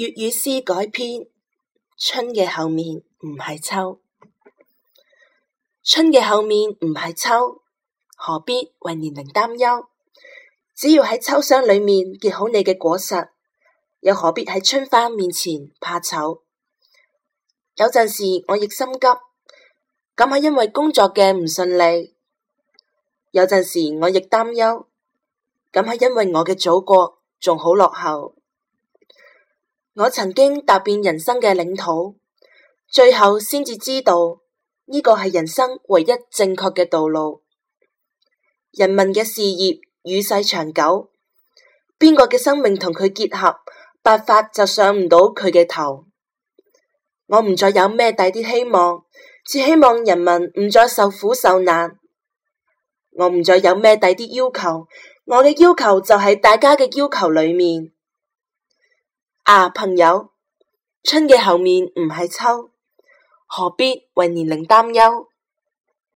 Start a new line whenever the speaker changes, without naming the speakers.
粵語詩改編：春嘅後面唔係秋，春嘅後面唔係秋，何必為年齡擔憂？只要喺秋霜裏面結好你嘅果實，又何必喺春花面前怕醜？有陣時我亦心急，咁係因為工作嘅唔順利；有陣時我亦擔憂，咁係因為我嘅祖國仲好落後。我曾經踏遍人生嘅領土，最後先至知道，呢個係人生唯一正確嘅道路。人民嘅事業與世長久，邊個嘅生命同佢結合，白髮就上唔到佢嘅頭。我唔再有咩大啲希望，只希望人民唔再受苦受難。我唔再有咩大啲要求，我嘅要求就喺大家嘅要求裏面。啊，朋友，春嘅後面唔係秋，何
必為年齡擔憂？